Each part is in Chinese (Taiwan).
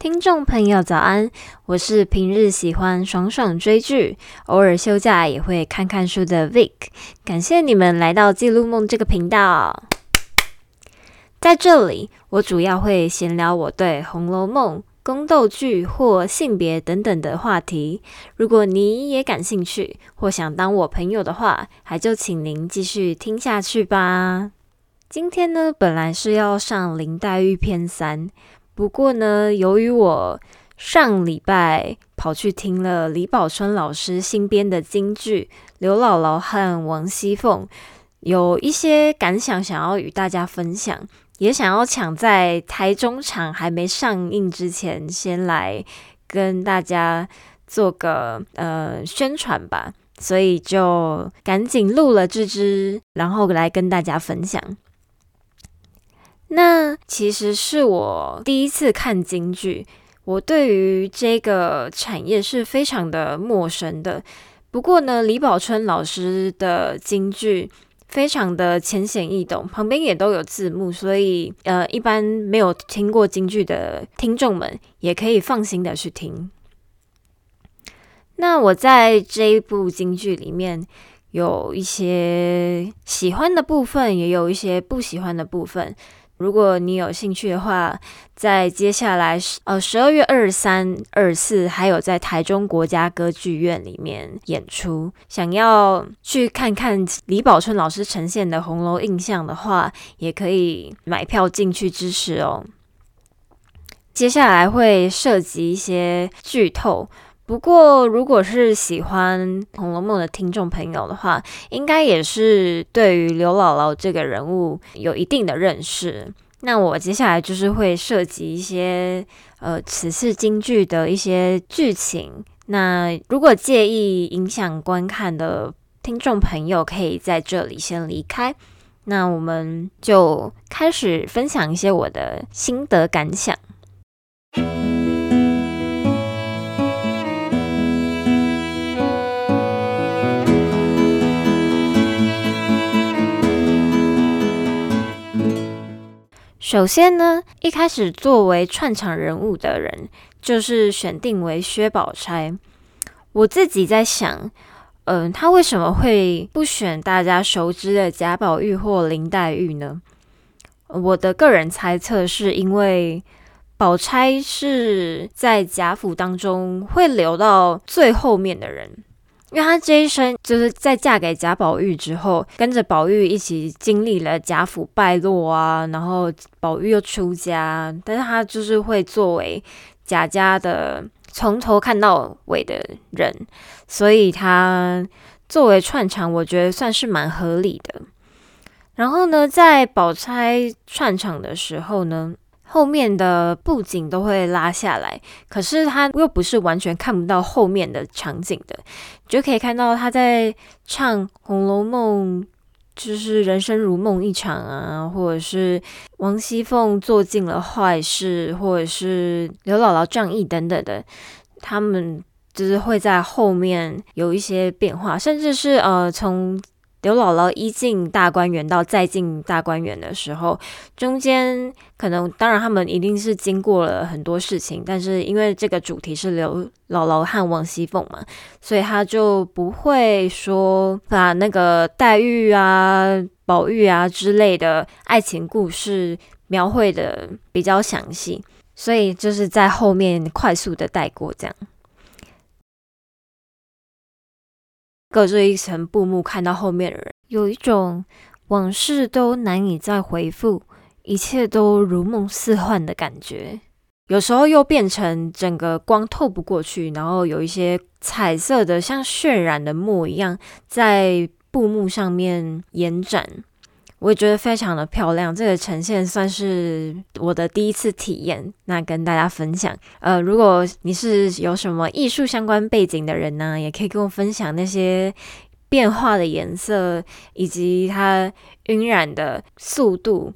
聽眾朋友早安，我是平日喜歡爽爽追劇，偶爾休假也會看看書的 Vic。感謝你們來到《記錄夢》這個頻道， 在這裡我主要會閒聊我對《紅樓夢》、宮鬥劇或性別等等的話題。如果你也感興趣，或想當我朋友的話，還就請您繼續聽下去吧。今天呢，本來是要上林黛玉篇三。不過呢，由於我上禮拜跑去聽了李寶春老師新編的京劇《劉姥姥和王熙鳳》，有一些感想想要與大家分享，也想要搶在台中場還沒上映之前，先來跟大家做個呃宣傳吧，所以就趕緊錄了這支，然後來跟大家分享。那其實是我第一次看京劇，我對於這個產業是非常的陌生的。不過呢，李寶春老師的京劇非常的淺顯易懂，旁邊也都有字幕，所以呃，一般沒有聽過京劇的聽眾們也可以放心的去聽。那我在這一部京劇裡面有一些喜歡的部分，也有一些不喜歡的部分。如果你有興趣的話，在接下來呃十二月二十三二十四，還有在台中國家歌劇院裡面演出，想要去看看李寶春老師呈現的《紅樓印象》的話，也可以買票進去支持哦。接下來會涉及一些劇透。不過，如果是喜歡《紅樓夢》的聽眾朋友的話，應該也是對於劉姥姥這個人物有一定的認識。那我接下來就是會涉及一些呃此次京劇的一些劇情。那如果介意影響觀看的聽眾朋友，可以在這裡先離開。那我們就開始分享一些我的心得感想。首先呢，一開始作為串場人物的人就是選定為薛寶釵。我自己在想，嗯、呃，他為什麼會不選大家熟知的賈寶玉或林黛玉呢？我的個人猜測是因為寶釵是在賈府當中會留到最後面的人。因為她這一生就是在嫁給賈寶玉之後，跟着寶玉一起經歷了賈府敗落啊，然後寶玉又出家，但是她就是會作為賈家的從頭看到尾的人，所以她作為串場，我覺得算是蠻合理的。然後呢，在寶釵串場的時候呢，後面的布景都會拉下來，可是他又不是完全看不到後面的場景的，就可以看到他在唱《紅樓夢》，就是“人生如夢一場”啊，或者是王熙鳳做盡了壞事，或者是劉姥姥仗義等等的，他們就是會在後面有一些變化，甚至是呃從。劉姥姥一進大觀園到再進大觀園的時候，中間可能當然他們一定是經過了很多事情，但是因為這個主題是劉姥姥和王熙鳳嘛，所以他就不會說把那個黛玉啊、寶玉啊之類的愛情故事描繪的比較詳細，所以就是在後面快速的帶過這樣。隔着一層布幕看到後面的人，有一種往事都難以再回復，一切都如夢似幻的感覺。有時候又變成整個光透不過去，然後有一些彩色的，像渲染的墨一樣在布幕上面延展。我也覺得非常的漂亮，這個呈現算是我的第一次體驗，那跟大家分享。呃，如果你是有什麼藝術相關背景的人呢、啊，也可以跟我分享那些變化的顏色以及它暈染的速度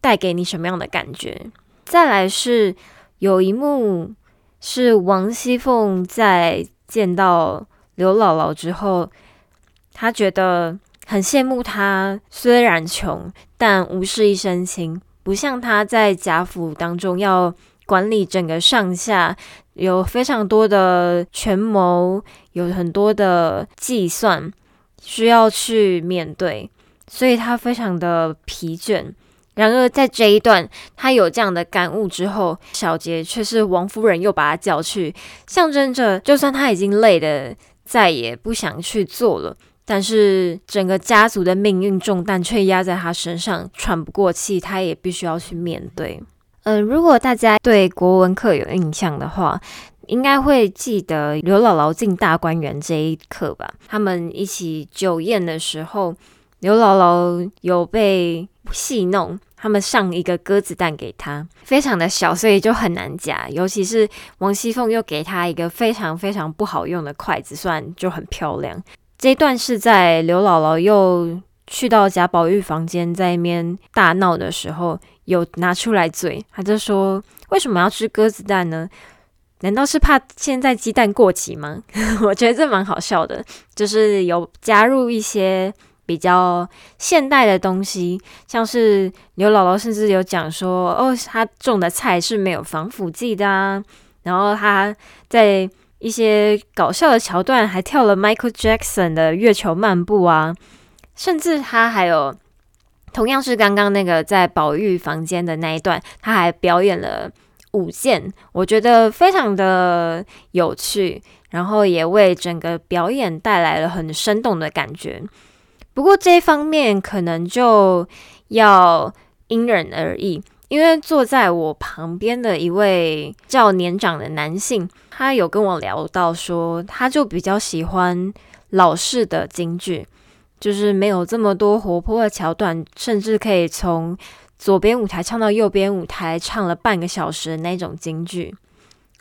帶給你什麼樣的感覺。再來是有一幕是王熙鳳在見到劉姥姥之後，她覺得。很羨慕他，雖然窮，但無事一身輕，不像他在賈府當中要管理整個上下，有非常多的權謀，有很多的計算需要去面對，所以他非常的疲倦。然而在這一段他有這樣的感悟之後，小結卻是王夫人又把他叫去，象徵着就算他已經累得再也不想去做了。但是整個家族的命運重擔卻壓在他身上，喘不過氣，他也必須要去面對。嗯、呃，如果大家對國文課有印象的話，應該會記得劉姥姥進大觀園這一課吧？他們一起酒宴的時候，劉姥姥有被戲弄，他們上一個鴿子蛋給他，非常的小，所以就很難夾。尤其是王熙鳳又給他一個非常非常不好用的筷子，雖然就很漂亮。這一段是在劉姥姥又去到賈寶玉房間，在那邊大鬧的時候，有拿出來嘴。她就說：“為什麼要吃鴿子蛋呢？難道是怕現在雞蛋過期嗎？” 我覺得這蠻好笑的，就是有加入一些比較現代的東西，像是劉姥姥甚至有講說：“哦，她種的菜是沒有防腐劑的啊。”然後她在。一些搞笑的橋段，還跳了 Michael Jackson 的《月球漫步》啊，甚至他還有同樣是剛剛那個在寶玉房間的那一段，他還表演了舞劍，我覺得非常的有趣，然後也為整個表演帶來了很生動的感覺。不過這一方面可能就要因人而異。因為坐在我旁邊的一位較年長的男性，他有跟我聊到說，他就比較喜歡老式的京劇，就是沒有這麼多活潑的橋段，甚至可以從左邊舞台唱到右邊舞台，唱了半個小時的那種京劇。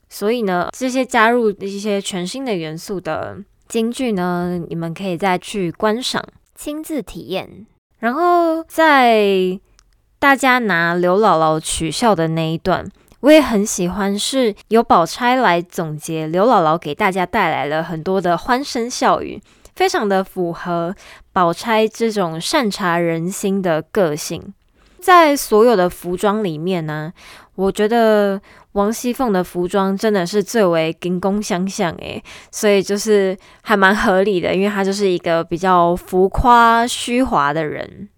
所以呢，這些加入一些全新的元素的京劇呢，你們可以再去觀賞、親自體驗，然後再。大家拿劉姥姥取笑的那一段，我也很喜歡，是由寶釵來總結，劉姥姥給大家帶來了很多的歡聲笑語，非常的符合寶釵這種善察人心的個性。在所有的服裝裡面呢、啊，我覺得王熙鳳的服裝真的是最為謹恭相向，誒，所以就是還蠻合理的，因為她就是一個比較浮誇虛華的人。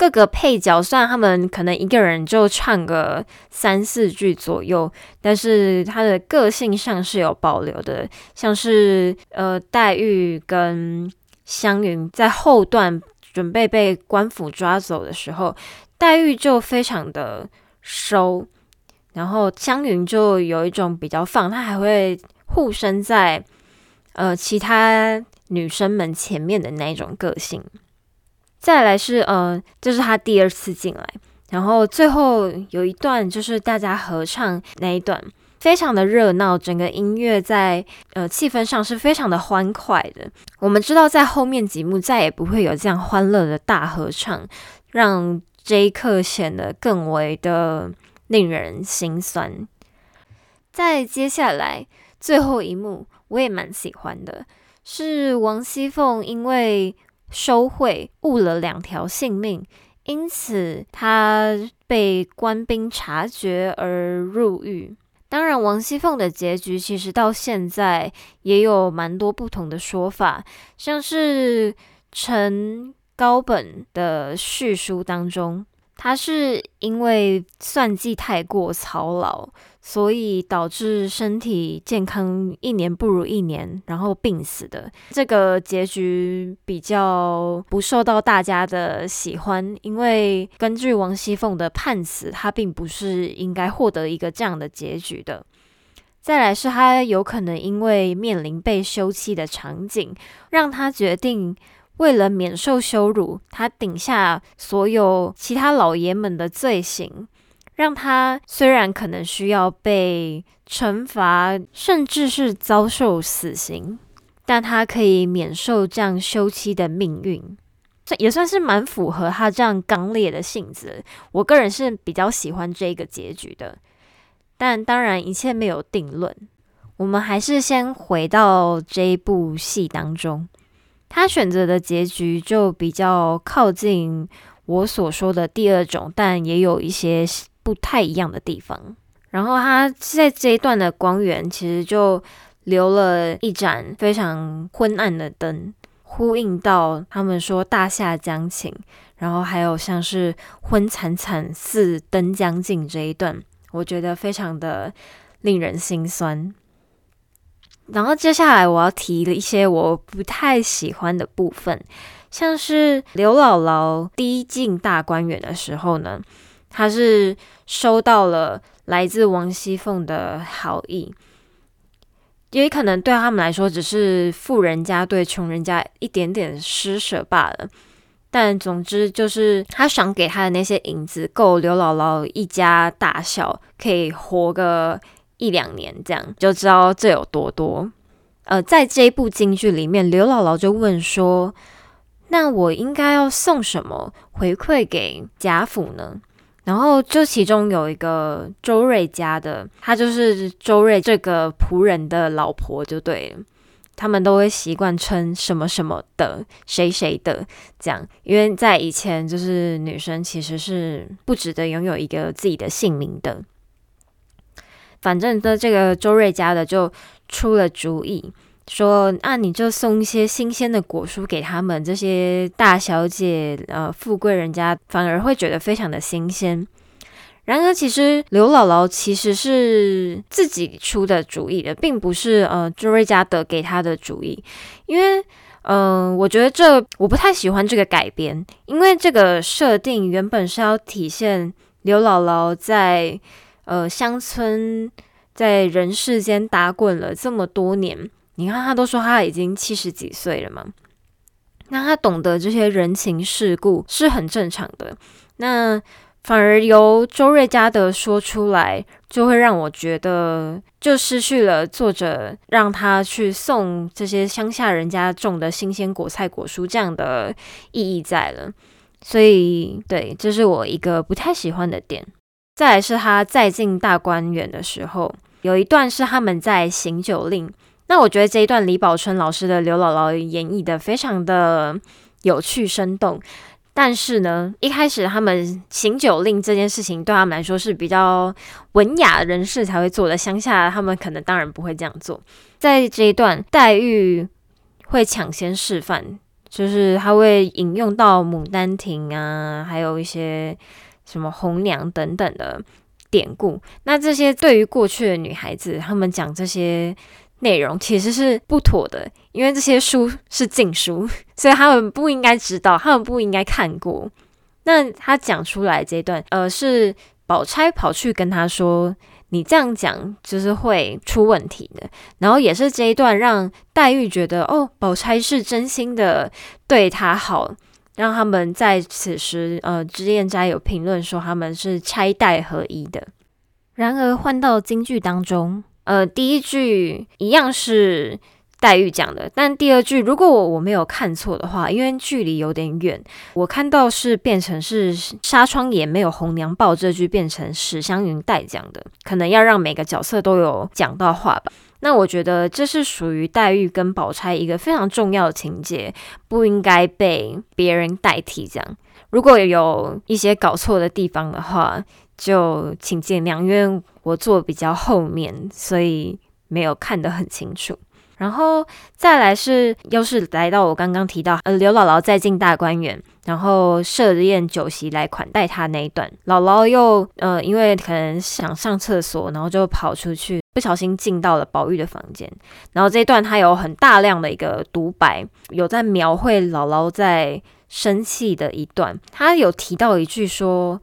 各個配角，雖然他們可能一個人就唱個三四句左右，但是他的個性上是有保留的。像是呃，黛玉跟湘雲在後段準備被官府抓走的時候，黛玉就非常的收，然後湘雲就有一種比較放，她還會護身在呃其他女生們前面的那一種個性。再來是呃，就是他第二次進來，然後最後有一段就是大家合唱那一段，非常的熱鬧，整個音樂在呃氣氛上是非常的歡快的。我們知道在後面幾幕再也不會有這樣歡樂的大合唱，讓這一刻顯得更為的令人心酸。再接下來最後一幕，我也蠻喜歡的，是王熙鳳因為。收賄，誤了兩條性命，因此他被官兵察覺而入獄。當然，王熙鳳的結局其實到現在也有蠻多不同的說法，像是程高本的續書當中。他是因為算計太過操勞，所以導致身體健康一年不如一年，然後病死的。這個結局比較不受到大家的喜歡，因為根據王熙鳳的判詞，他並不是應該獲得一個這樣的結局的。再來是他有可能因為面臨被休妻的場景，讓他決定。為了免受羞辱，他頂下所有其他老爺們的罪行，讓他雖然可能需要被懲罰，甚至是遭受死刑，但他可以免受這樣休妻的命運。這也算是蠻符合他這樣剛烈的性子。我個人是比較喜歡這個結局的，但當然一切沒有定論。我們還是先回到這一部戲當中。他選擇的結局就比較靠近我所說的第二種，但也有一些不太一樣的地方。然後他在這一段的光源其實就留了一盞非常昏暗的燈，呼應到他們說“大廈將傾”，然後還有像是“昏慘慘似燈將盡”這一段，我覺得非常的令人心酸。然後接下來我要提的一些我不太喜歡的部分，像是劉姥姥第一進大觀園的時候呢，她是收到了來自王熙鳳的好意，也可能對他們來說只是富人家對窮人家一點點施捨罷了。但總之就是他賞給他的那些銀子夠劉姥姥一家大小可以活個。一兩年這樣，就知道這有多多。呃，在這一部京劇裡面，劉姥姥就問說：“那我應該要送什麼回饋給賈府呢？”然後就其中有一個周瑞家的，她就是周瑞這個僕人的老婆，就對了。他們都會習慣稱什麼什麼的、誰誰的，這樣，因為在以前就是女生其實是不值得擁有一個自己的姓名的。反正的這個周瑞家的就出了主意，說那、啊、你就送一些新鮮的果蔬給他們這些大小姐呃富貴人家，反而會覺得非常的新鮮。然而，其實劉姥姥其實是自己出的主意的，並不是呃周瑞家的給她的主意。因為，嗯、呃，我覺得這我不太喜歡這個改編，因為這個設定原本是要體現劉姥姥在。呃，鄉村在人世間打滾了這麼多年，你看他都說他已經七十幾歲了嘛，那他懂得這些人情世故是很正常的。那反而由周瑞家的說出來，就會讓我覺得就失去了作者讓他去送這些鄉下人家種的新鮮果菜果蔬這樣的意義在了。所以，對，這是我一個不太喜歡的點。再來是他再進大觀園的時候，有一段是他們在行酒令。那我覺得這一段李寶春老師的劉姥姥演繹得非常的有趣生動。但是呢，一開始他們行酒令這件事情對他們來說是比較文雅的人士才會做的，鄉下他們可能當然不會這樣做。在這一段，黛玉會搶先示範，就是他會引用到《牡丹亭》啊，還有一些。什麼紅娘等等的典故，那這些對於過去的女孩子，他們講這些內容其實是不妥的，因為這些書是禁書，所以他們不應該知道，他們不應該看過。那他講出來這一段，呃，是寶釵跑去跟他說：“你這樣講就是會出問題的。”然後也是這一段讓黛玉覺得，哦，寶釵是真心的對她好。讓他們在此時，呃，知硯齋有評論說他們是拆黛合一的。然而換到京劇當中，呃，第一句一樣是黛玉講的，但第二句如果我我沒有看錯的話，因為距離有點遠，我看到是變成是紗窗也沒有紅娘報這句變成史湘雲代講的，可能要讓每個角色都有講到話吧。那我覺得這是屬於黛玉跟寶釵一個非常重要的情節，不應該被別人代替這樣。如果有一些搞錯的地方的話，就請見諒，因為我坐比較後面，所以沒有看得很清楚。然後再來是又是來到我剛剛提到呃，劉姥姥再進大觀園，然後設宴酒席來款待她那一段，姥姥又呃，因為可能想上廁所，然後就跑出去，不小心進到了寶玉的房間。然後這一段她有很大量的一個獨白，有在描繪姥姥在生氣的一段，她有提到一句說，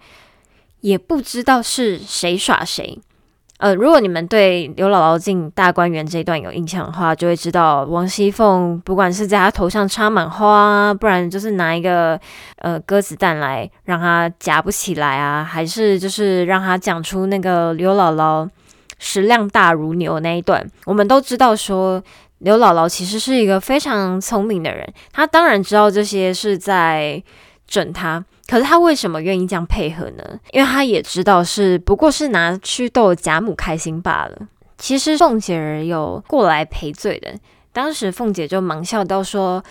也不知道是誰耍誰。呃，如果你們對劉姥姥進大觀園這一段有印象的話，就會知道王熙鳳不管是在她頭上插滿花，不然就是拿一個呃鴿子蛋來讓她夾不起來啊，還是就是讓她講出那個劉姥姥食量大如牛那一段。我們都知道說劉姥姥其實是一個非常聰明的人，她當然知道這些是在整她。可是他為什麼願意這樣配合呢？因為他也知道是不過是拿去逗賈母開心罷了。其實鳳姐兒有過來賠罪的，當時鳳姐就忙笑道說：“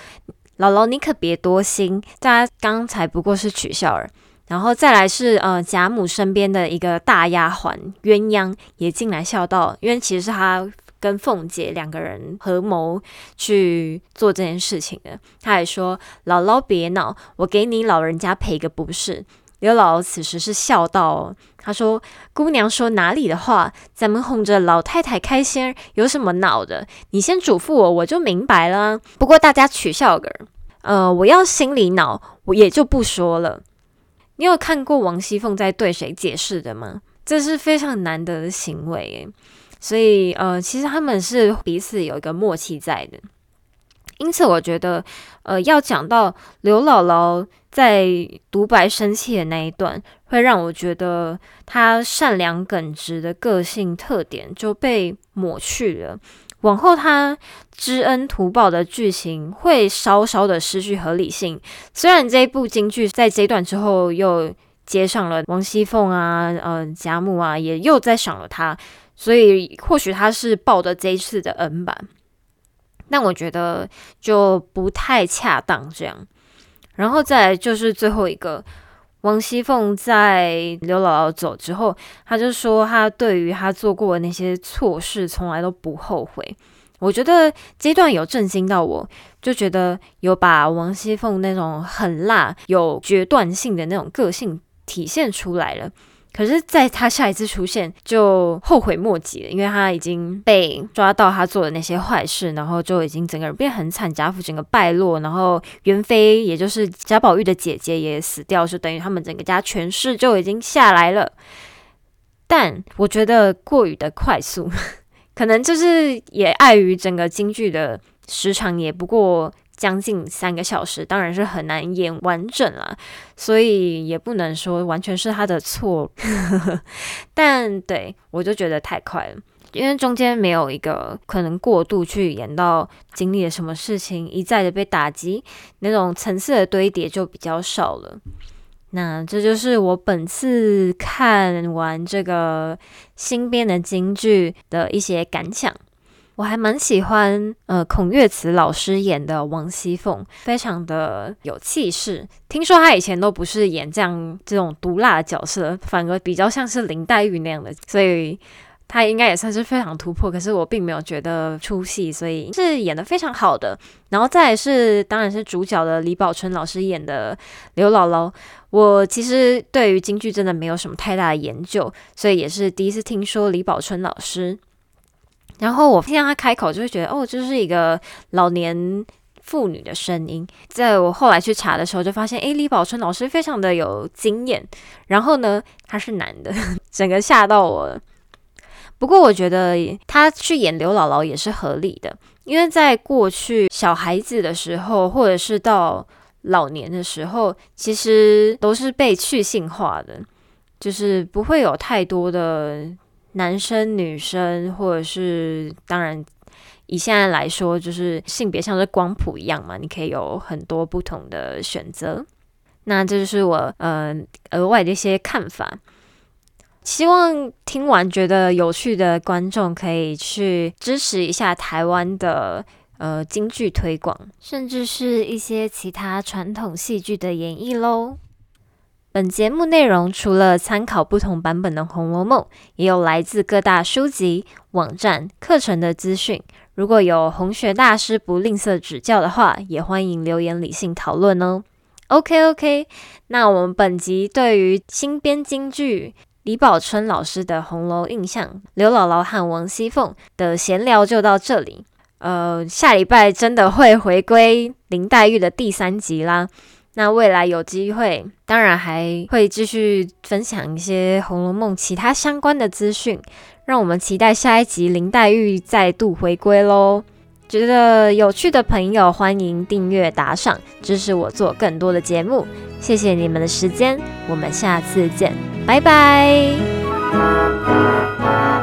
姥姥，你可別多心，大家剛才不過是取笑兒。”然後再來是呃賈母身邊的一個大丫鬟鴛鴦也進來笑道：“因為其實她。”跟鳳姐兩個人合謀去做這件事情的，他還說：“姥姥別惱，我給你老人家賠個不是。”劉姥姥此時是笑道、哦：“她說姑娘說哪裡的話？咱們哄着老太太開心，有什麼惱的？你先囑咐我，我就明白了。不過大家取笑個呃，我要心裡惱，我也就不說了。你有看過王熙鳳在對誰解釋的嗎？這是非常難得的行為。”所以，呃，其實他們是彼此有一個默契在的。因此，我覺得，呃，要講到劉姥姥在獨白生氣的那一段，會讓我覺得她善良耿直的個性特點就被抹去了。往後，她知恩圖報的劇情會稍稍的失去合理性。雖然這部京劇在這一段之後又接上了王熙鳳啊，呃，賈母啊，也又再賞了她。所以或許他是報的這一次的恩吧，但我覺得就不太恰當這樣。然後再來就是最後一個，王熙鳳在劉姥姥走之後，她就說她對於她做過的那些錯事從來都不後悔。我覺得這段有震驚到我，就覺得有把王熙鳳那種狠辣、有決斷性的那種個性體現出來了。可是，在他下一次出現就後悔莫及了，因為他已經被抓到他做的那些壞事，然後就已經整個人變很慘，賈府整個敗落，然後元妃也就是賈寶玉的姐姐也死掉，就等於他們整個家權勢就已經下來了。但我覺得過於的快速，可能就是也礙於整個京劇的時長，也不過。將近三個小時，當然是很難演完整了，所以也不能說完全是他的錯。 但對，我就覺得太快了，因為中間沒有一個可能過度去演到經歷了什麼事情，一再的被打擊，那種層次的堆疊就比較少了。那這就是我本次看完這個新編的京劇的一些感想。我還蠻喜歡，呃，孔月慈老師演的王熙鳳，非常的有氣勢。聽說他以前都不是演這樣這種毒辣的角色，反而比較像是林黛玉那樣的，所以他應該也算是非常突破。可是我並沒有覺得出戲，所以是演得非常好的。然後再是，當然是主角的李寶春老師演的劉姥姥。我其實對於京劇真的沒有什麼太大的研究，所以也是第一次聽說李寶春老師。然後我聽到他開口就、哦，就會覺得哦，這是一個老年婦女的聲音。在我後來去查的時候，就發現哎，李寶春老師非常的有經驗。然後呢，他是男的，整個嚇到我了。不過我覺得他去演劉姥姥也是合理的，因為在過去小孩子的時候，或者是到老年的時候，其實都是被去性化的，就是不會有太多的。男生、女生，或者是當然，以現在來說，就是性別像是光譜一樣嘛，你可以有很多不同的選擇。那這就是我嗯、呃，額外的一些看法。希望聽完覺得有趣的觀眾可以去支持一下台灣的呃京劇推廣，甚至是一些其他傳統戲劇的演繹嘍。本節目內容除了參考不同版本的《紅樓夢》，也有來自各大書籍、網站、課程的資訊。如果有紅學大師不吝嗇指教的話，也歡迎留言理性討論哦。OK OK，那我們本集對於新編京劇李寶春老師的《紅樓印象》，劉姥姥和王熙鳳的閒聊就到這裡。呃，下禮拜真的會回歸林黛玉的第三集啦。那未來有機會，當然還會繼續分享一些《紅樓夢》其他相關的資訊，讓我們期待下一集林黛玉再度回歸嘍！覺得有趣的朋友，歡迎訂閱、打賞，支持我做更多的節目。謝謝你們的時間，我們下次見，拜拜。